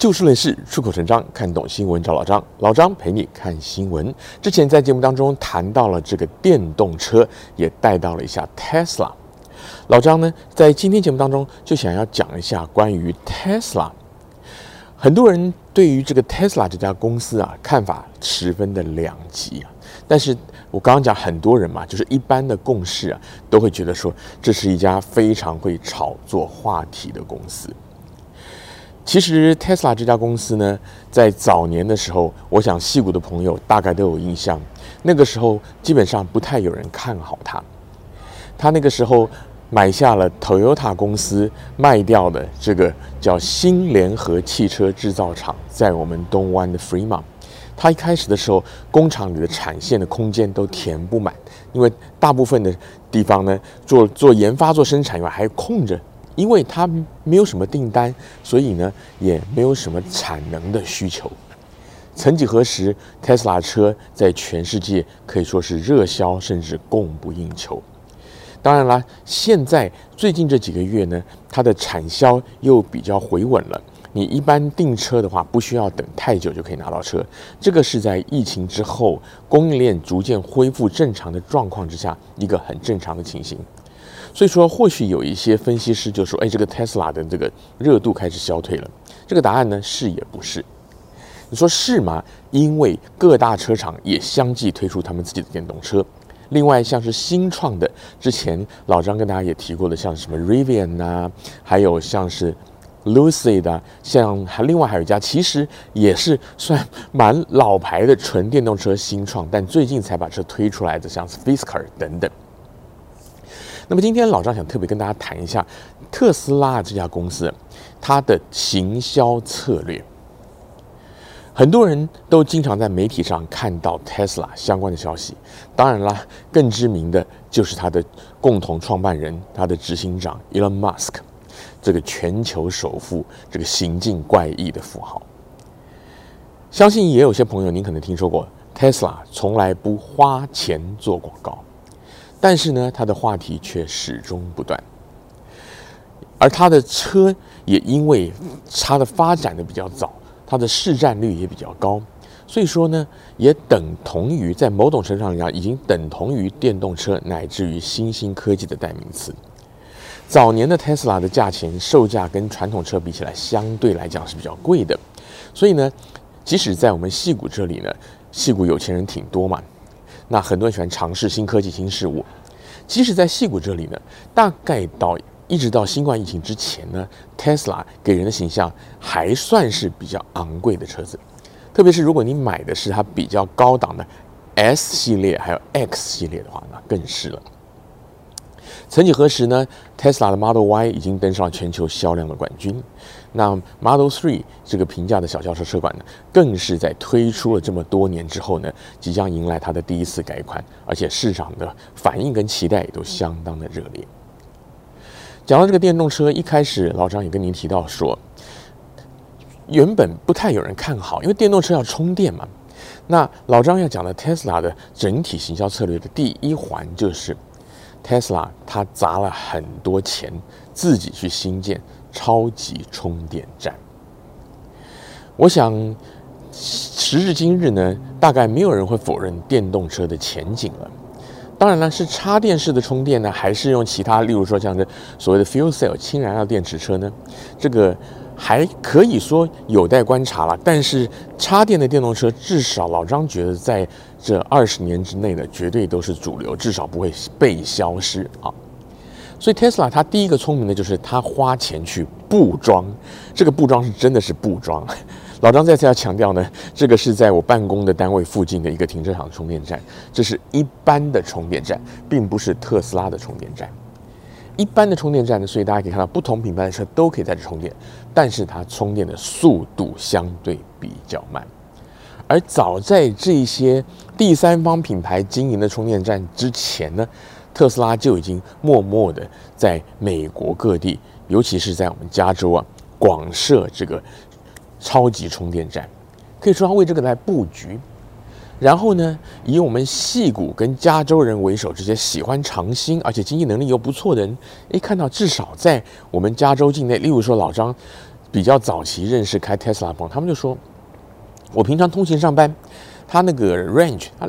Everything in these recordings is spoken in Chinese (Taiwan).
就事論事，出口成章。看懂新聞找老張，老張陪你看新聞。之前在節目當中談到了這個電動車，也帶到了一下 Tesla。老張呢，在今天節目當中就想要講一下關於 Tesla。很多人對於這個 Tesla 這家公司啊，看法十分的兩極啊。但是我剛剛講，很多人嘛，就是一般的共識啊，都會覺得說，這是一家非常會炒作話題的公司。其實 Tesla 這家公司呢，在早年的時候，我想矽谷的朋友大概都有印象。那個時候基本上不太有人看好它。他那個時候買下了 Toyota 公司賣掉的這個叫新聯合汽車製造廠，在我們東灣的 Fremont。他一開始的時候，工廠裡的產線的空間都填不滿，因為大部分的地方呢，做做研發、做生產以外，還空着。因為它沒有什麼訂單，所以呢也沒有什麼產能的需求。曾幾何時，特斯拉車在全世界可以說是熱銷，甚至供不應求。當然啦，現在最近這幾個月呢，它的產銷又比較回穩了。你一般訂車的話，不需要等太久就可以拿到車。這個是在疫情之後，供應鏈逐漸恢復正常的狀況之下，一個很正常的情形。所以說，或許有一些分析師就說：“哎，這個 Tesla 的這個熱度開始消退了。”這個答案呢是也不是，你說是嗎？因為各大車廠也相繼推出他們自己的電動車。另外，像是新創的，之前老張跟大家也提過的，像什麼 Rivian 啊，還有像是 Lucid 啊，像還另外還有一家，其實也是算蠻老牌的純電動車新創，但最近才把車推出來的，像 Fisker 等等。那麼今天老張想特別跟大家談一下特斯拉這家公司，它的行銷策略。很多人都經常在媒體上看到 Tesla 相關的消息，當然啦，更知名的，就是它的共同創辦人、它的執行長 Elon Musk，這個全球首富，這個行徑怪異的富豪。相信也有些朋友，您可能聽說過，Tesla 從來不花錢做廣告。但是呢，他的話題卻始終不斷，而他的車也因為他的發展的比較早，它的市占率也比較高，所以說呢，也等同於在某種程度上講，已經等同於電動車乃至於新興科技的代名詞。早年的特斯拉的價錢售價跟傳統車比起來，相對來講是比較貴的，所以呢，即使在我們矽谷這裡呢，矽谷有錢人挺多嘛。那很多人喜歡嘗試新科技、新事物，即使在矽谷這裡呢，大概到一直到新冠疫情之前呢，Tesla 給人的形象還算是比較昂貴的車子，特別是如果你買的是它比較高檔的 S 系列還有 X 系列的話，那更是了。曾幾何時呢？Tesla 的 Model Y 已經登上了全球銷量的冠軍。那 Model 3，這個平價的小轎車車款呢，更是在推出了這麼多年之後呢，即將迎來它的第一次改款，而且市場的反應跟期待也都相當的熱烈。講到這個電動車，一開始老張也跟您提到說，原本不太有人看好，因為電動車要充電嘛。那老張要講的 Tesla 的整體行銷策略的第一環就是。Tesla，它砸了很多錢，自己去新建超級充電站。我想，時至今日呢，大概沒有人會否認電動車的前景了。當然了，是插電式的充電呢，還是用其他，例如說像這所謂的 fuel cell 氫燃料電池車呢？這個還可以說有待觀察了。但是，插電的電動車，至少老張覺得在。這二十年之內呢，絕對都是主流，至少不會被消失啊。所以特斯拉它第一個聰明的就是他花錢去布樁，這個布樁是真的是布樁。老張再次要強調呢，這個是在我辦公的單位附近的一個停車場的充電站，這是一般的充電站，並不是特斯拉的充電站。一般的充電站呢，所以大家可以看到不同品牌的車都可以在這充電，但是它充電的速度相對比較慢。而早在這些第三方品牌經營的充電站之前呢，特斯拉就已經默默的在美國各地，尤其是在我們加州啊，廣設這個超級充電站，可以說他為這個在布局。然後呢，以我們矽谷跟加州人為首，這些喜歡嘗新而且經濟能力又不錯的人，一看到至少在我們加州境內，例如說老張，比較早期認識開特斯拉朋友，他們就說。我平常通勤上班，它那個 range 它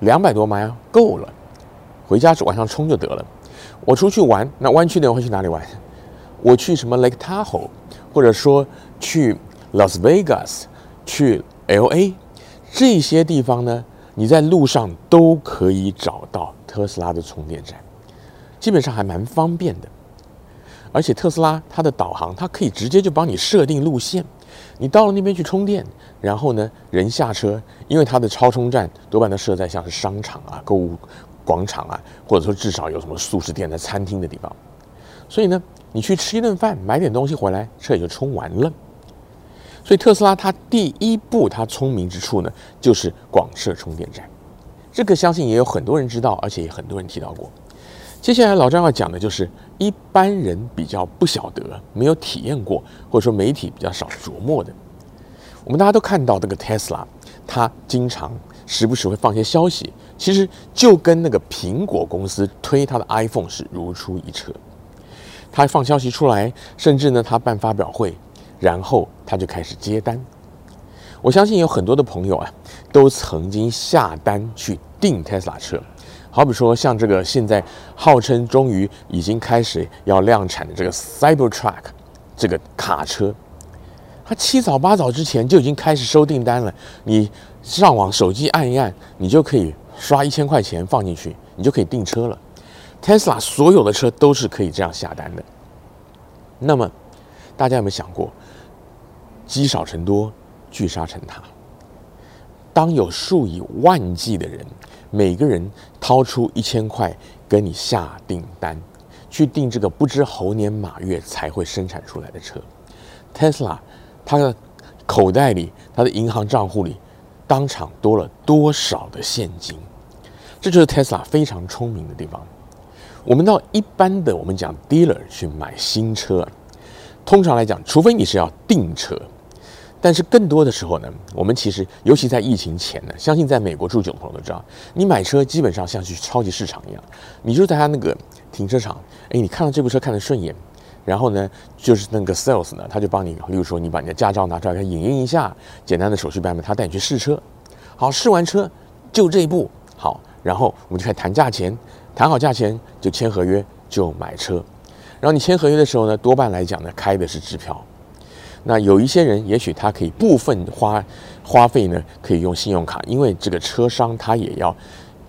兩百多邁啊，夠了，回家是晚上充就得了。我出去玩，那灣區的我會去哪裡玩？我去什麼 Lake Tahoe，或者說去 Las Vegas，去 LA 這些地方呢？你在路上都可以找到特斯拉的充電站，基本上還蠻方便的。而且特斯拉它的導航，它可以直接就幫你設定路線。你到了那邊去充電，然後呢，人下車，因為它的超充站多半都設在像是商場啊、購物廣場啊，或者說至少有什麼速食店、的餐廳的地方，所以呢，你去吃一頓飯，買點東西回來，車也就充完了。所以特斯拉它第一步它聰明之處呢，就是廣設充電站，這個相信也有很多人知道，而且也很多人提到過。接下來老章要講的就是一般人比較不曉得、沒有體驗過，或者說媒體比較少琢磨的。我們大家都看到這個 Tesla 它經常時不時會放些消息，其實就跟那個蘋果公司推它的 iPhone 是如出一轍。他放消息出來，甚至呢他辦發表會，然後他就開始接單。我相信有很多的朋友啊，都曾經下單去訂 Tesla 車。好比說，像這個現在號稱終於已經開始要量產的這個 Cybertruck 這個卡車，它七早八早之前就已經開始收訂單了。你上網手機按一按，你就可以刷一千塊錢放進去，你就可以訂車了。Tesla 所有的車都是可以這樣下單的。那麼，大家有沒有想過，積少成多，聚沙成塔，當有數以萬計的人每個人掏出一千塊跟你下訂單，去訂這個不知猴年馬月才會生產出來的車，Tesla，他的口袋裡、他的銀行賬戶裡當場多了多少的現金？這就是 Tesla 非常聰明的地方。我們到一般的我們講 dealer 去買新車，通常來講，除非你是要訂車。但是更多的時候呢，我們其實，尤其在疫情前呢，相信在美國住久的朋友都知道，你買車基本上像去超級市場一樣，你就在他那個停車場，哎，你看到這部車看得順眼，然後呢，就是那個 sales 呢，他就幫你，比如說你把你的駕照拿出來，他影印一下，簡單的手續辦了，他帶你去試車，好，試完車就這一步，好，然後我們就開始談價錢，談好價錢就簽合約就買車，然後你簽合約的時候呢，多半來講呢，開的是支票。那有一些人，也許他可以部分花花費呢，可以用信用卡，因為這個車商他也要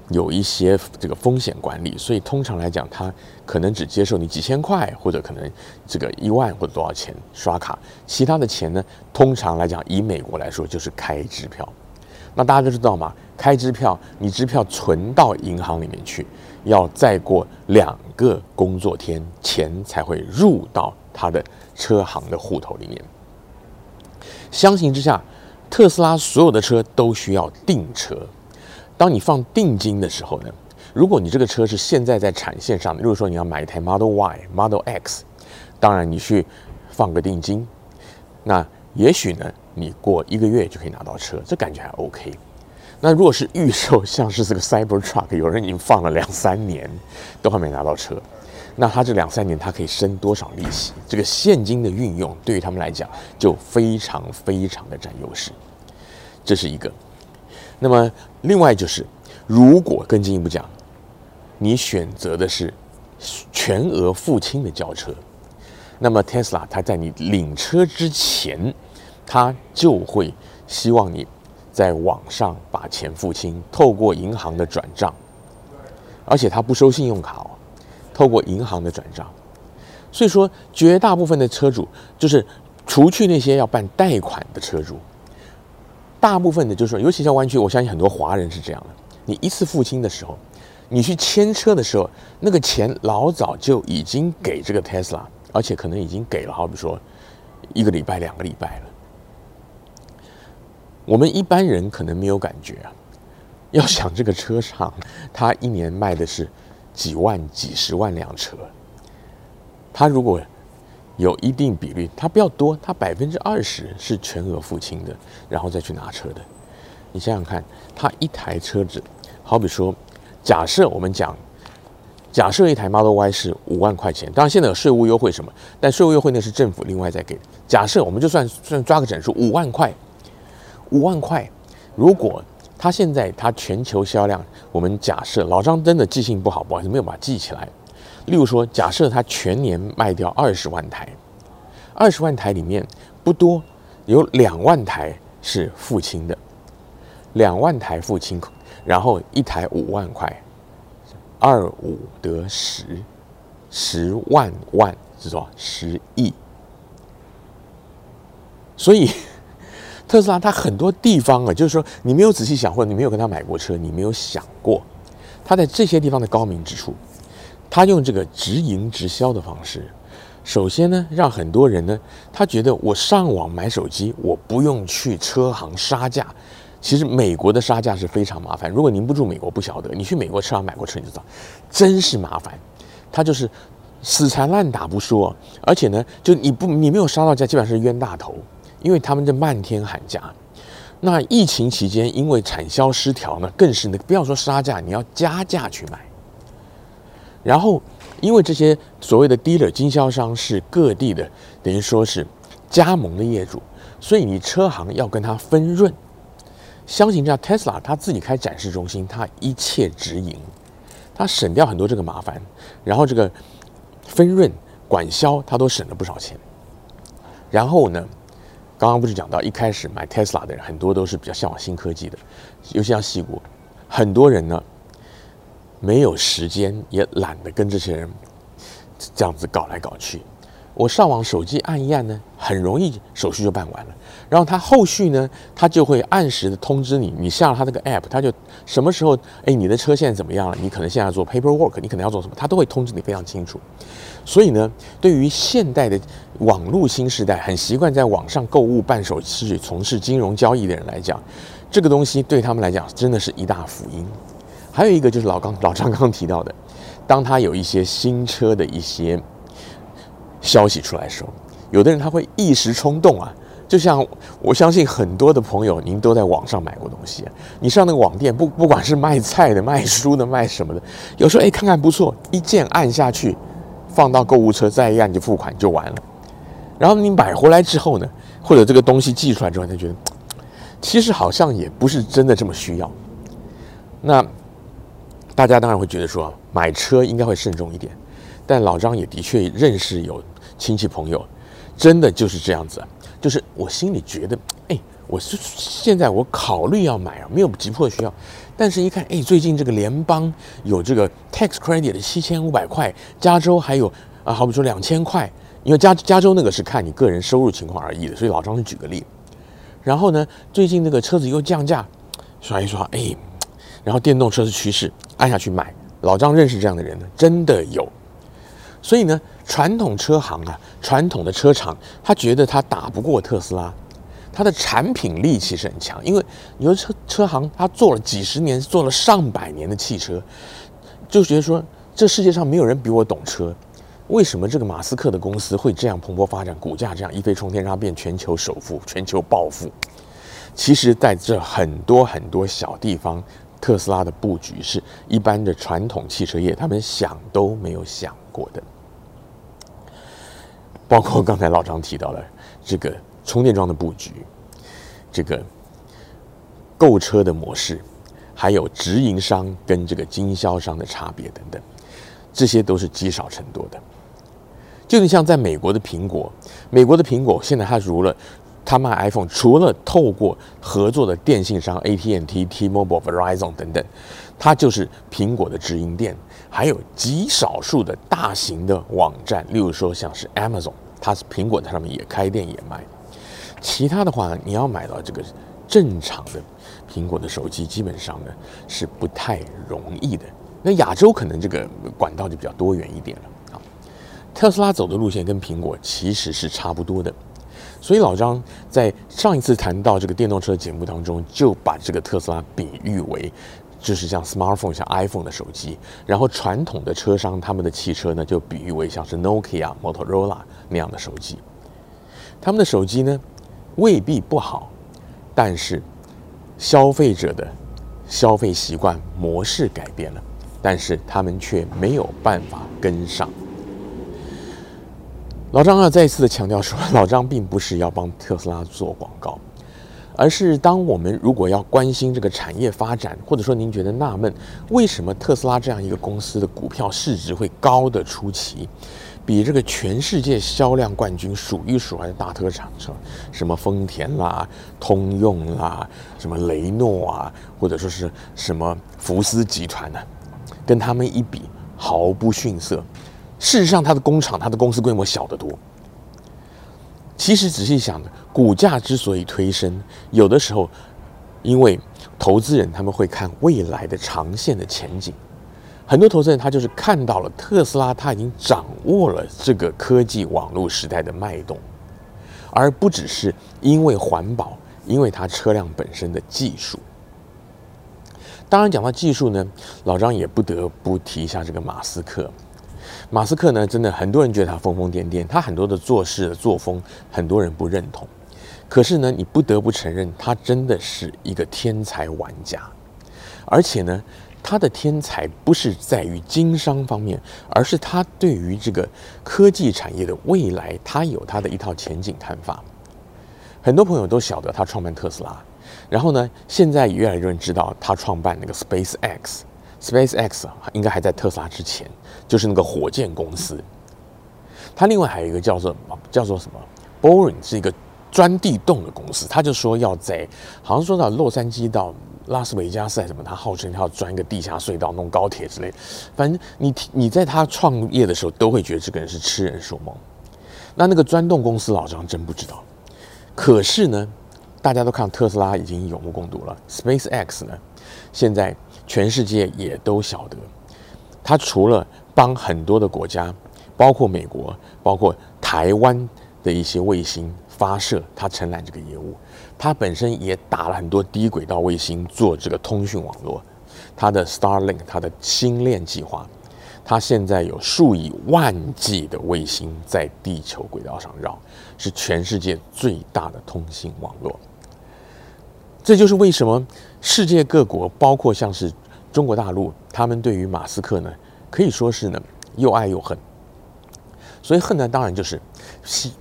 有一些這個風險管理，所以通常來講，他可能只接受你幾千塊，或者可能這個一萬或者多少錢刷卡，其他的錢呢，通常來講，以美國來說就是開支票。那大家都知道嗎？開支票，你支票存到銀行裡面去，要再過兩個工作天，錢才會入到他的車行的戶頭裡面。相形之下，特斯拉所有的車都需要訂車。當你放定金的時候呢，如果你這個車是現在在產線上的，如果說你要買一台 Model Y、Model X，當然你去放個定金，那也許呢，你過一個月就可以拿到車，這感覺還 OK。那如果是預售，像是這個 Cybertruck，有人已經放了兩三年都還沒拿到車。那他這兩三年他可以生多少利息？這個現金的運用對於他們來講就非常非常的佔優勢，這是一個。那麼另外就是，如果更進一步講，你選擇的是全額付清的交車，那麼 Tesla 它在你領車之前，它就會希望你在網上把錢付清，透過銀行的轉賬，而且它不收信用卡哦。透過銀行的轉賬，所以說，絕大部分的車主，就是除去那些要辦貸款的車主，大部分的就是說，尤其像灣區，我相信很多華人是這樣的。你一次付清的時候，你去簽車的時候，那個錢老早就已經給這個 Tesla，而且可能已經給了，好比說一個禮拜、兩個禮拜了。我們一般人可能沒有感覺啊，要想這個車廠，它一年賣的是。幾萬、幾十萬輛車，他如果有一定比例，他不要多，他百分之二十是全額付清的，然後再去拿車的。你想想看，他一台車子，好比說，假設我們講，假設一台 Model Y 是五萬塊錢，當然現在有稅務優惠什麼，但稅務優惠那是政府另外再給。假設我們就算算抓個整數，五萬塊，五萬塊，如果。他現在，他全球銷量，我們假設老章真的記性不好，不好意思，沒有把它記起來。例如說，假設他全年賣掉二十萬台，二十萬台裡面不多，有兩萬台是付清的，兩萬台付清，然後一台五萬塊，二五得十，十萬萬是吧？十億，所以。特斯拉，它很多地方啊，就是說你沒有仔細想，或者你沒有跟他買過車，你沒有想過他在這些地方的高明之處。他用這個直營直銷的方式，首先呢，讓很多人呢，他覺得我上網買手機，我不用去車行殺價。其實美國的殺價是非常麻煩。如果您不住美國，不曉得，你去美國車行，啊，買過車，你就知道，真是麻煩。他就是死纏爛打不說，而且呢，就你不你沒有殺到價，基本上是冤大頭。因為他們在漫天喊價，那疫情期間，因為產銷失調呢，更是呢，不要說殺價，你要加價去買。然後，因為這些所謂的 dealer 經銷商是各地的，等於說是加盟的業主，所以你車行要跟他分潤。相信這樣，特斯拉他自己開展示中心，他一切直營，他省掉很多這個麻煩，然後這個分潤、管銷他都省了不少錢。然後呢，剛剛不是講到，一開始買 Tesla 的人很多都是比較嚮往新科技的，尤其像矽谷，很多人呢沒有時間，也懶得跟這些人這樣子搞來搞去。我上網手機，按一按呢，很容易手續就辦完了。然後他後續呢，他就會按時的通知你。你下了他這個 app，他就什麼時候，哎，你的車現在怎麼樣了？你可能現在要做 paperwork，你可能要做什麼，他都會通知你非常清楚。所以呢，對於現代的網絡新時代，很習慣在網上購物辦手續、從事金融交易的人來講，這個東西對他們來講真的是一大福音。還有一個就是老剛老張剛提到的，當他有一些新車的一些，消息出來時候，有的人他會一時衝動啊，就像我相信很多的朋友，您都在網上買過東西啊，你上那個網店，不不管是賣菜的、賣書的、賣什麼的，有時候哎看看不錯，一鍵按下去，放到購物車，再一按就付款就完了。然後你買回來之後呢，或者這個東西寄出來之後，他覺得其實好像也不是真的這麼需要。那大家當然會覺得說，買車應該會慎重一點。但老張也的確認識有親戚朋友，真的就是這樣子，就是我心裡覺得，哎，我是現在我考慮要買啊，沒有急迫需要，但是一看，哎，最近這個聯邦有這個 tax credit 的七千五百塊，加州還有啊，好比說兩千塊，因為加加州那個是看你個人收入情況而異的，所以老張就舉個例，然後呢，最近那個車子又降價，刷一刷，哎，然後電動車是趨勢，按下去買，老張認識這樣的人呢，真的有。所以呢，傳統車行啊，傳統的車廠，他覺得他打不過特斯拉，他的產品力其實很強，因為你說車車行他做了幾十年，做了上百年的汽車，就覺得說這世界上沒有人比我懂車。為什麼這個馬斯克的公司會這樣蓬勃發展，股價這樣一飛沖天，讓他變全球首富，全球暴富？其實，在這很多很多小地方，特斯拉的布局是一般的傳統汽車業他們想都沒有想過的。包括剛才老張提到了這個充電樁的布局，這個購車的模式，還有直營商跟這個經銷商的差別等等，這些都是積少成多的。就像在美國的蘋果，美國的蘋果現在它是如了。他賣 iPhone 除了透過合作的電信商 AT&T、T-Mobile、Verizon 等等，它，就是蘋果的直營店，還有極少數的大型的網站，例如說像是 Amazon，它是蘋果它上面也開店也賣。其他的話呢，你要買到這個正常的蘋果的手機，基本上呢是不太容易的。那亞洲可能這個管道，就比較多元一點了啊。特斯拉走的路線跟蘋果其實是差不多的。所以老張在上一次談到這個電動車的節目當中，就把這個特斯拉比喻為，就是像 smartphone、像 iPhone 的手機，然後傳統的車商他們的汽車呢，就比喻為像是 Nokia、Motorola 那樣的手機。他們的手機呢，未必不好，但是消費者的消費習慣模式改變了，但是他們卻沒有辦法跟上。老張啊，再一次的強調說，老張並不是要幫特斯拉做廣告，而是當我們如果要關心這個產業發展，或者說您覺得納悶，為什麼特斯拉這樣一個公司的股票市值會高得出奇，比這個全世界銷量冠軍數一數二的大車廠車，什麼豐田啦、通用啦、什麼雷諾啊，或者說是什麼福斯集團呢、啊，跟他們一比毫不遜色。事實上，它的工廠、它的公司規模小得多。其實仔細想，股價之所以推升，有的時候，因為投資人他們會看未來的長線的前景。很多投資人他就是看到了特斯拉，他已經掌握了這個科技網絡時代的脈動，而不只是因為環保，因為它車輛本身的技術。當然，講到技術呢，老張也不得不提一下這個馬斯克。馬斯克呢，真的很多人覺得他瘋瘋癲癲，他很多的做事的作風，很多人不認同。可是呢，你不得不承認，他真的是一個天才玩家。而且呢，他的天才不是在於經商方面，而是他對於這個科技產業的未來，他有他的一套前景看法。很多朋友都曉得他創辦特斯拉，然後呢，現在越來越多人知道他創辦那個 SpaceX。SpaceX 啊，應該還在特斯拉之前，就是那個火箭公司。它另外還有一個叫做叫做什麼 Boring，是一個鑽地洞的公司。他就說要在好像說到洛杉磯到拉斯維加斯還什麼，他號稱他要鑽一個地下隧道弄高鐵之類的。反正你你在他創業的時候都會覺得這個人是痴人說夢。那那個鑽洞公司老張真不知道。可是呢，大家都看到特斯拉已經有目共睹了，SpaceX 呢？現在全世界也都曉得，它除了幫很多的國家，包括美國，包括台灣的一些衛星發射，它承攬這個業務，它本身也打了很多低軌道衛星做這個通訊網絡，它的 Starlink，它的星鏈計劃，它現在有數以萬計的衛星在地球軌道上繞，是全世界最大的通訊網絡。這就是為什麼。世界各國，包括像是中國大陸，他們對於馬斯克呢，可以說是呢又愛又恨。所以恨呢，當然就是，希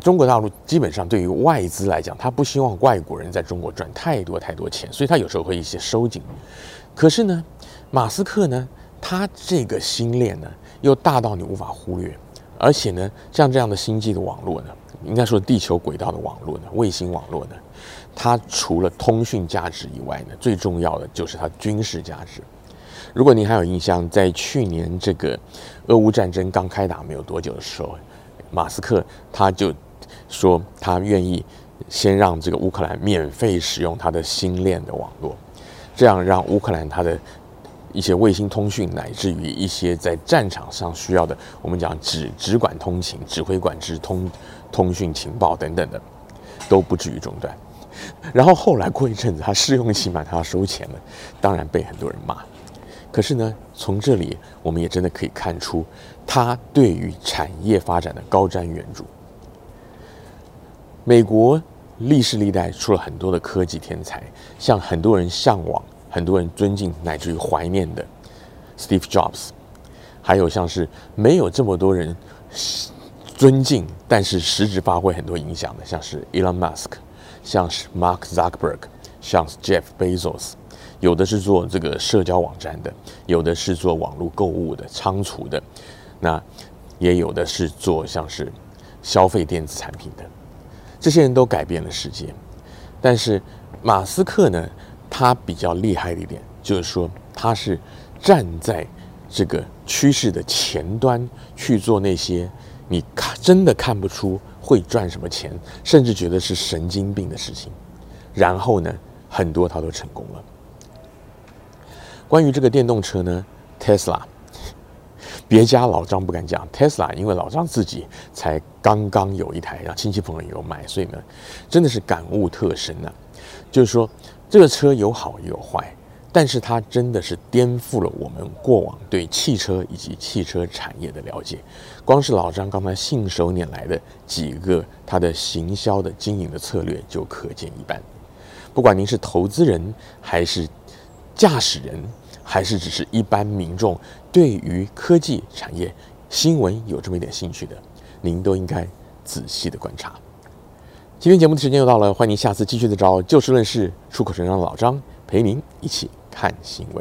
中國大陸基本上對於外資來講，他不希望外國人在中國賺太多太多錢，所以他有時候會一些收緊。可是呢，馬斯克呢，他這個星鏈呢又大到你無法忽略，而且呢，像這樣的星際的網絡呢。應該說，地球軌道的網絡呢，衛星網絡呢，它除了通訊價值以外呢，最重要的就是它軍事價值。如果您還有印象，在去年這個俄烏戰爭剛開打沒有多久的時候，馬斯克他就說他願意先讓這個烏克蘭免費使用他的星鏈的網絡，這樣讓烏克蘭他的一些衛星通訊，乃至於一些在戰場上需要的，我們講指指管通情，指揮管制通，通訊情報等等的，都不至於中斷。然後後來過一陣子，他試用期嘛，他要收錢了。當然被很多人罵。可是呢，從這裡我們也真的可以看出他對於產業發展的高瞻遠矚。美國歷史歷代出了很多的科技天才，像很多人向往、很多人尊敬乃至於懷念的 Steve Jobs，還有像是沒有這麼多人。尊敬，但是實質發揮很多影響的，像是 Elon Musk，像是 Mark Zuckerberg，像是 Jeff Bezos，有的是做這個社交網站的，有的是做網絡購物的、倉儲的，那也有的是做像是消費電子產品的。這些人都改變了世界。但是馬斯克呢，他比較厲害的一點就是說，他是站在這個趨勢的前端去做那些。你看，真的看不出會賺什麼錢，甚至覺得是神經病的事情。然後呢，很多他都成功了。關於這個電動車呢，特斯拉，別家老張不敢講。特斯拉，因為老張自己才剛剛有一台，然後親戚朋友也有買，所以呢，真的是感悟特深啊。就是說，這個車有好也有壞。但是它真的是顛覆了我們過往對汽車以及汽車產業的了解。光是老張剛才信手拈來的幾個他的行銷的經營的策略就可見一斑。不管您是投資人，還是駕駛人，還是只是一般民眾，對於科技產業新聞有這麼一點興趣的，您都應該仔細的觀察。今天節目的時間又到了，歡迎您下次繼續的找就事論事、出口成章的老張陪您一起，看新聞。